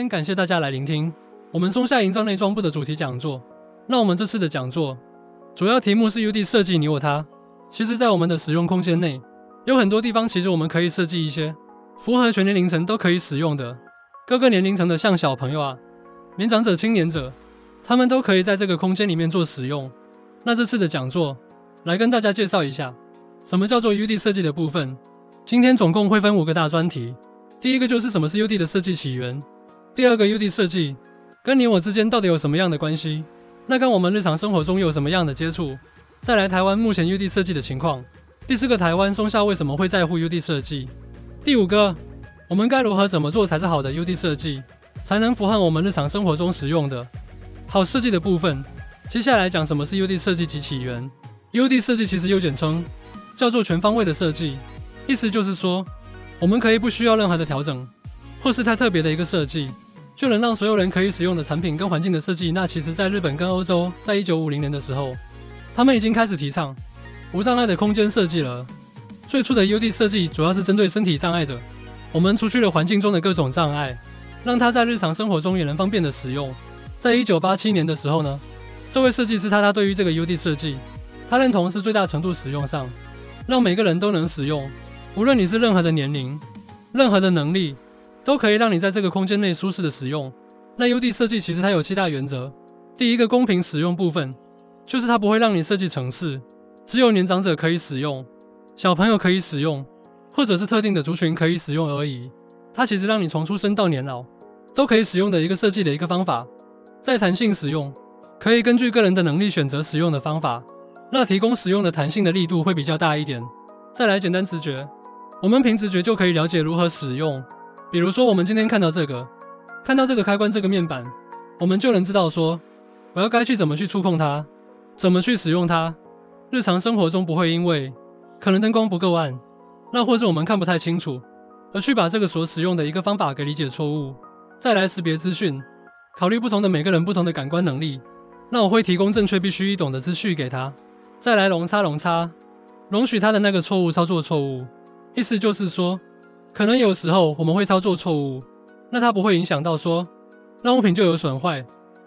先感謝大家來聆聽我們松下營造內裝部的主題講座。那我們這次的講座主要題目是 UD 設計你我他。其實，在我們的使用空間內，有很多地方其實我們可以設計一些符合全年齡層都可以使用的各個年齡層的，像小朋友啊、年長者、青年者，他們都可以在這個空間裡面做使用。那這次的講座來跟大家介紹一下什麼叫做 UD 設計的部分。今天總共會分五個大專題，第一個就是什麼是 UD 的設計起源。第二個 UD 設計，跟你我之間到底有什麼樣的關係？那跟我們日常生活中有什麼樣的接觸？再來，台灣目前 UD 設計的情況。第四個，台灣松下為什麼會在乎 UD 設計？第五個，我們該如何怎麼做才是好的 UD 設計，才能符合我們日常生活中使用的，好設計的部分？接下來講什麼是 UD 設計及起源。UD 設計其實有簡稱，叫做全方位的設計，意思就是說，我們可以不需要任何的調整，或是太特別的一個設計。就能讓所有人可以使用的產品跟環境的設計。那其實，在日本跟歐洲，在一九五零年的時候，他們已經開始提倡無障礙的空間設計了。最初的 UD 設計主要是針對身體障礙者，我們除去了環境中的各種障礙，讓他在日常生活中也能方便的使用。在一九八七年的時候呢，這位設計師他他對於這個 UD 設計，他認同是最大程度使用上，讓每個人都能使用，無論你是任何的年齡，任何的能力。都可以讓你在這個空間內舒適的使用。那 UD 設計其實它有七大原則，第一個公平使用部分，就是它不會讓你設計成是只有年長者可以使用，小朋友可以使用，或者是特定的族群可以使用而已。它其實讓你從出生到年老都可以使用的一個設計的一個方法。再彈性使用，可以根據個人的能力選擇使用的方法，那提供使用的彈性的力度會比較大一點。再來簡單直覺，我們憑直覺就可以了解如何使用。比如說，我們今天看到這個，看到這個開關這個面板，我們就能知道說，我要該去怎麼去觸碰它，怎麼去使用它。日常生活中不會因為可能燈光不夠暗，那或是我們看不太清楚，而去把這個所使用的一個方法給理解錯誤。再來識別資訊，考慮不同的每個人不同的感官能力。那我會提供正確必須易懂的資訊給他。再來容差容差，容許他的那個錯誤操作錯誤。意思就是說。可能有時候我們會操作錯誤，那它不會影響到說那物品就有損壞，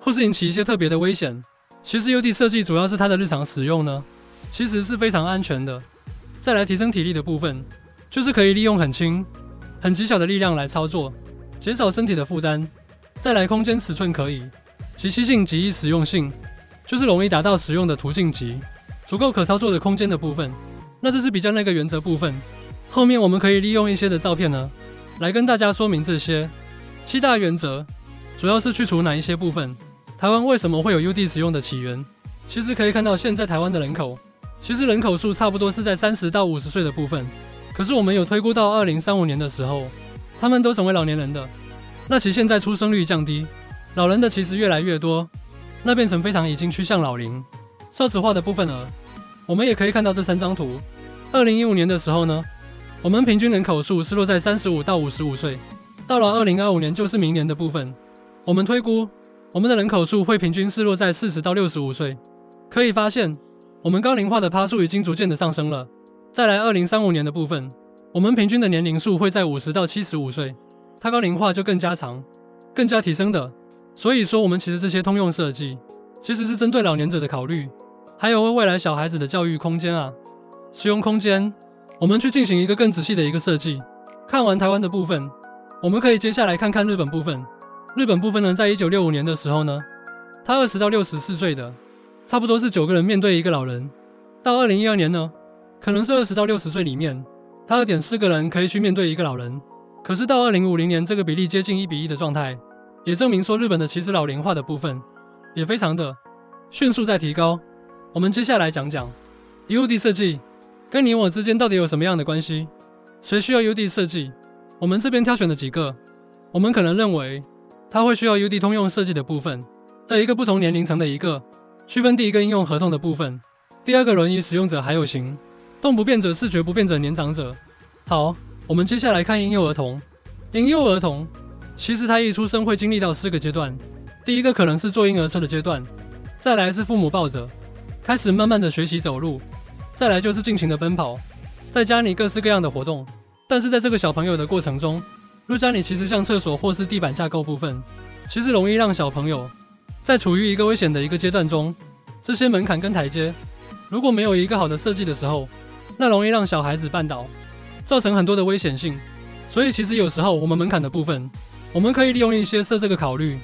或是引起一些特別的危險。其實 U D 設計主要是它的日常使用呢，其實是非常安全的。再來提升體力的部分，就是可以利用很輕、很極小的力量來操作，減少身體的負擔。再來空間尺寸可以，及其性、極易使用性，就是容易達到使用的途徑及足夠可操作的空間的部分。那這是比較那個原則部分。後面我們可以利用一些的照片呢，來跟大家說明這些七大原則，主要是去除哪一些部分？台灣為什麼會有 UD 使用的起源？其實可以看到現在台灣的人口，其實人口數差不多是在三十到五十歲的部分。可是我們有推估到二零三五年的時候，他們都成為老年人的。那其現在出生率降低，老人的其實越來越多，那變成非常已經趨向老齡少子化的部分了。我們也可以看到這三張圖，二零一五年的時候呢。我們平均人口數是落在三十五到五十五歲，到了二零二五年就是明年的部分，我們推估我們的人口數會平均是落在四十到六十五歲。可以發現，我們高齡化的趴數已經逐漸的上升了。再來二零三五年的部分，我們平均的年齡數會在五十到七十五歲，它高齡化就更加長，更加提升的。所以說，我們其實這些通用設計其實是針對老年者的考慮，還有為未來小孩子的教育空間啊，使用空間。我們去進行一個更仔細的一個設計。看完台灣的部分，我們可以接下來看看日本部分。日本部分呢，在一九六五年的時候呢，他二十到六十四歲的，差不多是九個人面對一個老人。到二零一二年呢，可能是二十到六十歲裡面，他二點四個人可以去面對一個老人。可是到二零五零年，這個比例接近一比一的狀態，也證明說日本的其實老齡化的部分也非常的迅速在提高。我們接下來講講 UD 設計。跟你我之間到底有什麼樣的關係？誰需要 UD 設計？我們這邊挑選了幾個，我們可能認為他會需要 UD 通用設計的部分，在一個不同年齡層的一個區分。第一個嬰幼兒童的部分，第二個輪椅使用者還有行動不便者、視覺不便者、年長者。好，我們接下來看嬰幼兒童。嬰幼兒童，其實他一出生會經歷到四個階段，第一個可能是坐嬰兒車的階段，再來是父母抱着，開始慢慢的學習走路。再來就是盡情的奔跑，在家裡各式各樣的活動，但是在這個小朋友的過程中，如家裡其實像廁所或是地板架構部分，其實容易讓小朋友在處於一個危險的一個階段中，這些門檻跟台階，如果沒有一個好的設計的時候，那容易讓小孩子絆倒，造成很多的危險性。所以其實有時候我們門檻的部分，我們可以利用一些設計的考慮，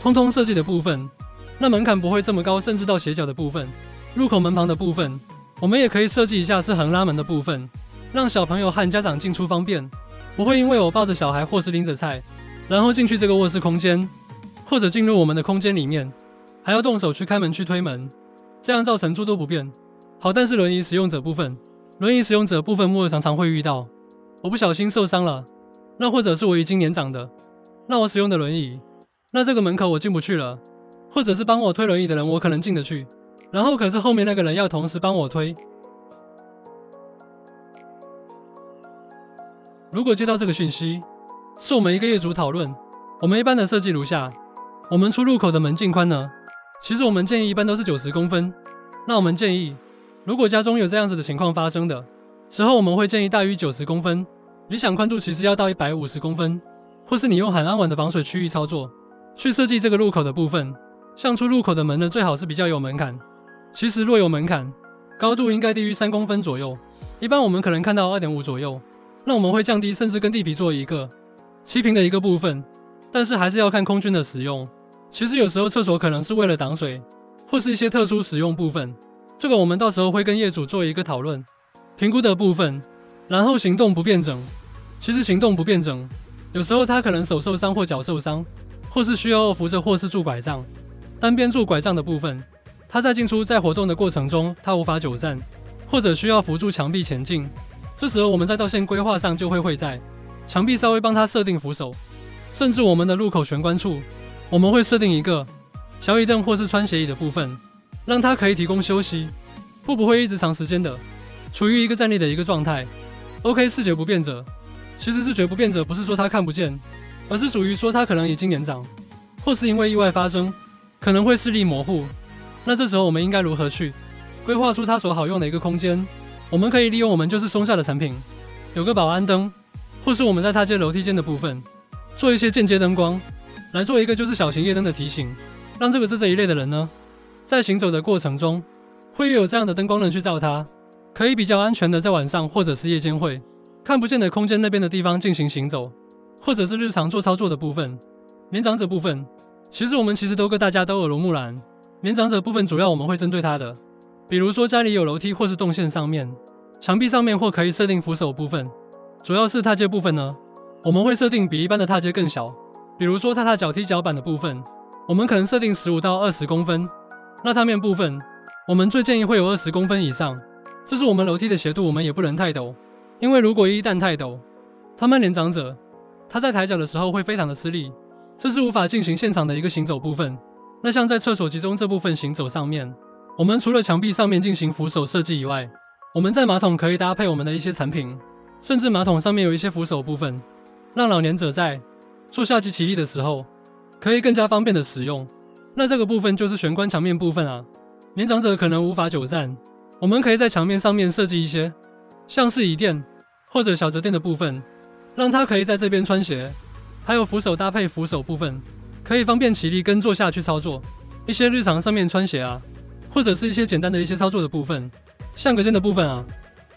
通通設計的部分，那門檻不會這麼高，甚至到斜角的部分，入口門旁的部分。我們也可以設計一下是橫拉門的部分，讓小朋友和家長進出方便，不會因為我抱着小孩或是拎着菜，然後進去這個臥室空間，或者進入我們的空間裡面，還要動手去開門去推門，這樣造成諸多不便。好，但是輪椅使用者部分，輪椅使用者部分，我日常常會遇到，我不小心受傷了，那或者是我已經年長的，那我使用的輪椅，那這個門口我進不去了，或者是幫我推輪椅的人，我可能進得去。然後可是後面那個人要同時幫我推。如果接到這個訊息，是我們一個業主討論，我們一般的設計如下：我們出入口的門淨寬呢，其實我們建議一般都是九十公分。那我們建議，如果家中有這樣子的情況發生的時候，我們會建議大於九十公分，理想寬度其實要到一百五十公分，或是你用很安穩的防水區域操作去設計這個入口的部分，像出入口的門呢，最好是比較有門檻。其實若有門檻，高度應該低於三公分左右。一般我們可能看到二點五左右，那我們會降低，甚至跟地坪做一個齊平的一個部分。但是還是要看空軍的使用。其實有時候廁所可能是為了擋水，或是一些特殊使用部分。這個我們到時候會跟業主做一個討論、評估的部分。然後行動不便者，其實行動不便者，有時候他可能手受傷或腳受傷，或是需要扶着，或是拄拐杖，單邊拄拐杖的部分。他在進出、在活動的過程中，他無法久站，或者需要扶住牆壁前進。這時候我們在動線規劃上就會會在牆壁稍微幫他設定扶手，甚至我們的入口玄關處，我們會設定一個小椅凳或是穿鞋椅的部分，讓他可以提供休息，不不會一直長時間的處於一個站立的一個狀態。OK，視覺不便者，其實視覺不便者，不是說他看不見，而是屬於說他可能已經年長，或是因為意外發生，可能會視力模糊。那這時候我們應該如何去規劃出它所好用的一個空間？我們可以利用我們就是松下的產品，有個保安燈，或是我們在它接樓梯間的部分，做一些間接燈光，來做一個就是小型夜燈的提醒，讓這個這,這一類的人呢，在行走的過程中，會有這樣的燈光能去照它，可以比較安全的在晚上或者是夜間會看不見的空間那邊的地方進行行走，或者是日常做操作的部分。年長者部分，其實我們其實都跟大家都耳濡目染。年長者部分主要我們會針對他的，比如說家裡有樓梯或是動線上面，牆壁上面或可以設定扶手部分，主要是踏階部分呢，我們會設定比一般的踏階更小，比如說踏踏腳踢腳板的部分，我們可能設定十五到二十公分，那踏面部分我們最建議會有二十公分以上，這是我們樓梯的斜度，我們也不能太陡，因為如果一旦太陡，他們年長者他在抬腳的時候會非常的吃力，這是無法進行現場的一個行走部分。那像在廁所集中這部分行走上面，我們除了牆壁上面進行扶手設計以外，我們在馬桶可以搭配我們的一些產品，甚至馬桶上面有一些扶手部分，讓老年者在坐下及起立的時候可以更加方便的使用。那這個部分就是玄關牆面部分啊，年長者可能無法久站，我們可以在牆面上面設計一些像是椅墊或者小折墊的部分，讓他可以在這邊穿鞋，還有扶手搭配扶手部分。可以方便起立跟坐下去操作一些日常上面穿鞋啊，或者是一些簡單的一些操作的部分，像隔間的部分啊，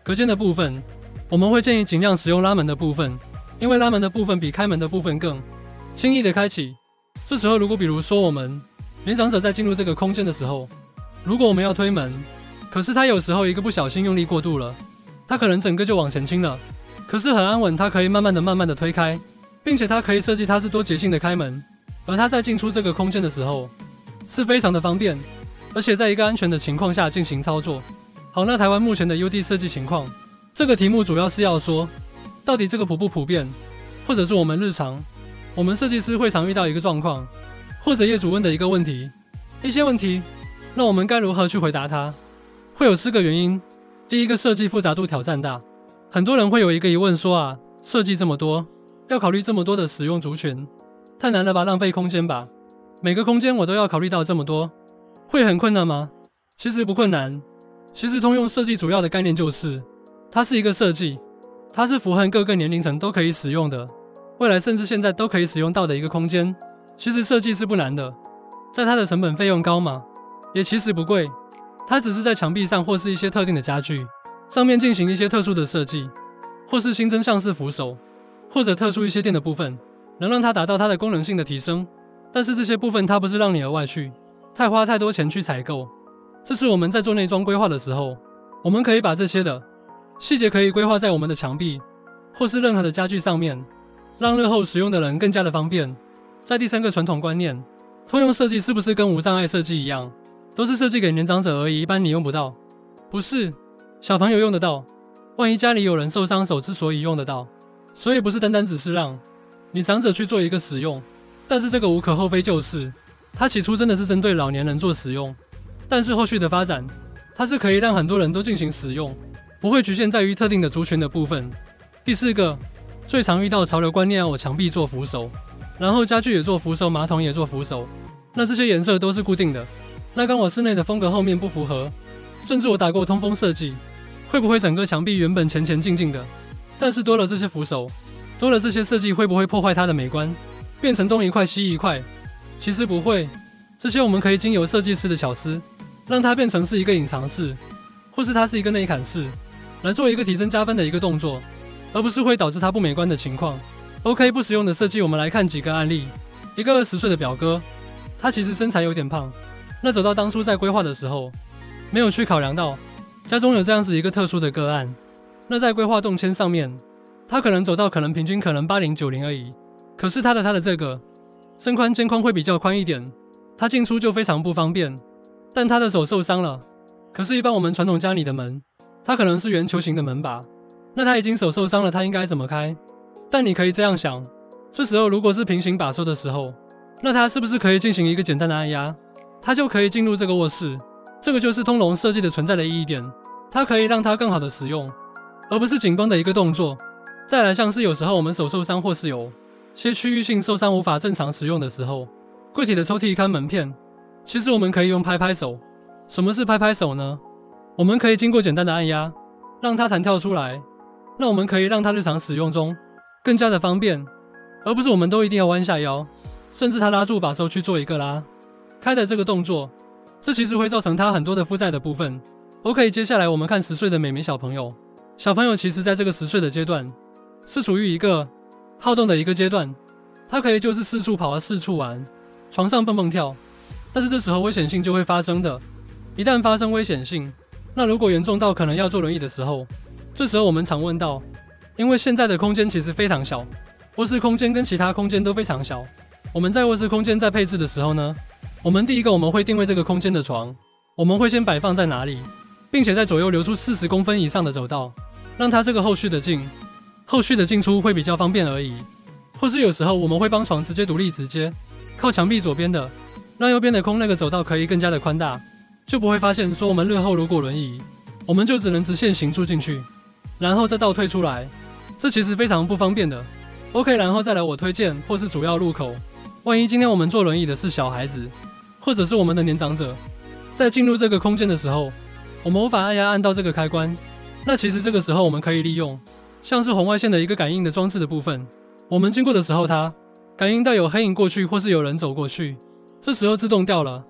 隔間的部分我們會建議盡量使用拉門的部分，因為拉門的部分比開門的部分更輕易的開啟。這時候如果比如說我們年長者在進入這個空間的時候，如果我們要推門，可是他有時候一個不小心用力過度了，他可能整個就往前傾了，可是很安穩，他可以慢慢的、慢慢的推開，並且它可以設計它是多節性的開門。而它在進出這個空間的時候，是非常的方便，而且在一個安全的情況下進行操作。好了，那台灣目前的 UD 設計情況，這個題目主要是要說，到底這個普不普遍，或者是我們日常，我們設計師會常遇到一個狀況，或者業主問的一個問題，一些問題，那我們該如何去回答它？會有四個原因，第一個設計複雜度挑戰大，很多人會有一個疑問說啊，設計這麼多，要考慮這麼多的使用族群。太難了吧，浪費空間吧。每個空間我都要考慮到這麼多，會很困難嗎？其實不困難。其實通用設計主要的概念就是，它是一個設計，它是符合各個年齡層都可以使用的，未來甚至現在都可以使用到的一個空間。其實設計是不難的，在它的成本費用高嗎？也其實不貴，它只是在牆壁上或是一些特定的家具上面進行一些特殊的設計，或是新增像是扶手，或者特殊一些電的部分。能讓它達到它的功能性的提升，但是這些部分它不是讓你額外去太花太多錢去採購。這是我們在做內裝規劃的時候，我們可以把這些的細節可以規劃在我們的牆壁或是任何的家具上面，讓日後使用的人更加的方便。在第三個傳統觀念，通用設計是不是跟無障礙設計一樣，都是設計給年長者而已？一般你用不到，不是小朋友用得到。萬一家裡有人受傷，手之所以用得到，所以不是單單只是讓。你長者去做一個使用，但是這個無可厚非，就是它起初真的是針對老年人做使用，但是後續的發展，它是可以讓很多人都進行使用，不會局限在於特定的族群的部分。第四個，最常遇到潮流觀念，我牆壁做扶手，然後家具也做扶手，馬桶也做扶手，那這些顏色都是固定的，那跟我室內的風格後面不符合，甚至我打過通風設計，會不會整個牆壁原本乾乾淨淨的，但是多了這些扶手？多了這些設計會不會破壞它的美觀，變成東一塊西一塊？其實不會，這些我們可以經由設計師的巧思，讓它變成是一個隱藏式，或是它是一個內砍式，來做一個提升加分的一個動作，而不是會導致它不美觀的情況。OK，不實用的設計，我們來看幾個案例。一個二十歲的表哥，他其實身材有點胖，那走到當初在規劃的時候，沒有去考量到家中有這樣子一個特殊的個案，那在規劃動遷上面。他可能走到可能平均可能八零九零而已，可是他的他的這個身寬肩寬會比較寬一點，他進出就非常不方便。但他的手受傷了，可是一般我們傳統家裡的門，它可能是圓球形的門把，那他已經手受傷了，他應該怎麼開？但你可以這樣想，這時候如果是平行把手的時候，那他是不是可以進行一個簡單的按壓，他就可以進入這個臥室？這個就是通用設計的存在的意義點，它可以讓他更好的使用，而不是緊繃的一個動作。再來，像是有時候我們手受傷或是有些區域性受傷無法正常使用的時候，櫃體的抽屜一開門片，其實我們可以用拍拍手。什麼是拍拍手呢？我們可以經過簡單的按壓，讓它彈跳出來，那我們可以讓它日常使用中更加的方便，而不是我們都一定要彎下腰，甚至它拉住把手去做一個拉開的這個動作，這其實會造成它很多的負載的部分。OK，接下來我們看十歲的美眉小朋友，小朋友其實在這個十歲的階段。是處於一個好動的一個階段，它可以就是四處跑啊，四處玩，床上蹦蹦跳。但是這時候危險性就會發生的，一旦發生危險性，那如果嚴重到可能要坐輪椅的時候，這時候我們常問到，因為現在的空間其實非常小，臥室空間跟其他空間都非常小。我們在臥室空間在配置的時候呢，我們第一個我們會定位這個空間的床，我們會先擺放在哪裡，並且在左右留出四十公分以上的走道，讓它這個後續的鏡。後續的進出會比較方便而已，或是有時候我們會幫床直接獨立，直接靠牆壁左邊的，讓右邊的空那個走道可以更加的寬大，就不會發現說我們日後如果輪椅，我們就只能直線行出進去，然後再倒退出來，這其實非常不方便的。OK，然後再來我推薦或是主要入口，萬一今天我們坐輪椅的是小孩子，或者是我們的年長者，在進入這個空間的時候，我們無法按壓按到這個開關，那其實這個時候我們可以利用。像是紅外線的一個感應的裝置的部分，我們經過的時候，它感應到有黑影過去或是有人走過去，這時候自動掉了。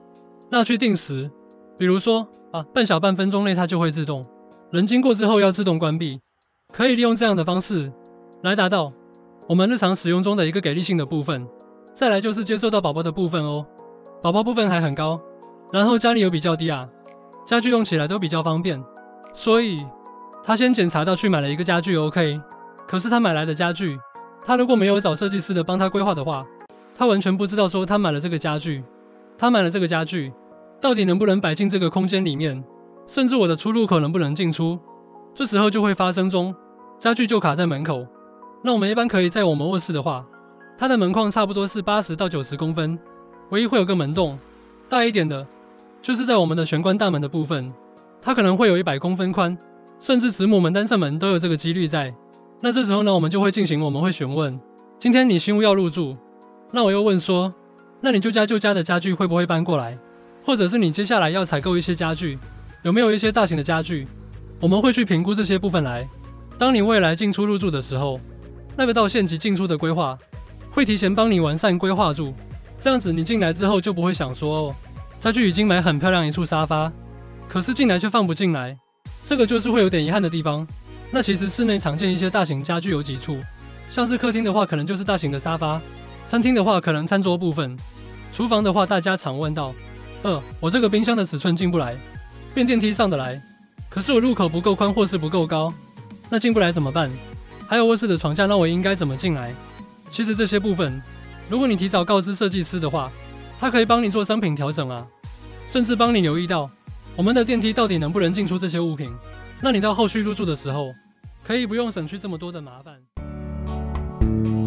那去定時，比如說啊，半小半分鐘內它就會自動。人經過之後要自動關閉，可以利用這樣的方式來達到我們日常使用中的一個給力性的部分。再來就是接受到寶寶的部分哦，寶寶部分還很高，然後家裡又比較低啊，家具用起來都比較方便，所以。他先檢查到去買了一個家具，OK。可是他買來的家具，他如果沒有找設計師的幫他規劃的話，他完全不知道說他買了這個家具，他買了這個家具到底能不能擺進這個空間裡面，甚至我的出入口能不能進出。這時候就會發生中，家具就卡在門口。那我們一般可以在我們臥室的話，它的門框差不多是八十到九十公分，唯一會有個門洞，大一點的，就是在我們的玄關大門的部分，它可能會有一百公分寬。甚至子母門、單扇門都有這個幾率在。那這時候呢，我們就會進行，我們會詢問：今天你新屋要入住？那我又問說：那你舊家舊家的家具會不會搬過來？或者是你接下來要採購一些家具，有沒有一些大型的家具？我們會去評估這些部分來。當你未來進出入住的時候，那個動線及進出的規劃會提前幫你完善規劃住。這樣子你進來之後就不會想說哦，家具已經買很漂亮一組沙發，可是進來卻放不進來。這個就是會有點遺憾的地方。那其實室內常見一些大型家具有幾處，像是客廳的話，可能就是大型的沙發；餐廳的話，可能餐桌部分；廚房的話，大家常問到：呃，我這個冰箱的尺寸進不來，變電梯上得來，可是我入口不夠寬或是不夠高，那進不來怎麼辦？還有臥室的床架，那我應該怎麼進來？其實這些部分，如果你提早告知設計師的話，他可以幫你做商品調整啊，甚至幫你留意到。我們的電梯到底能不能進出這些物品？那你到後續入住的時候，可以不用省去這麼多的麻煩。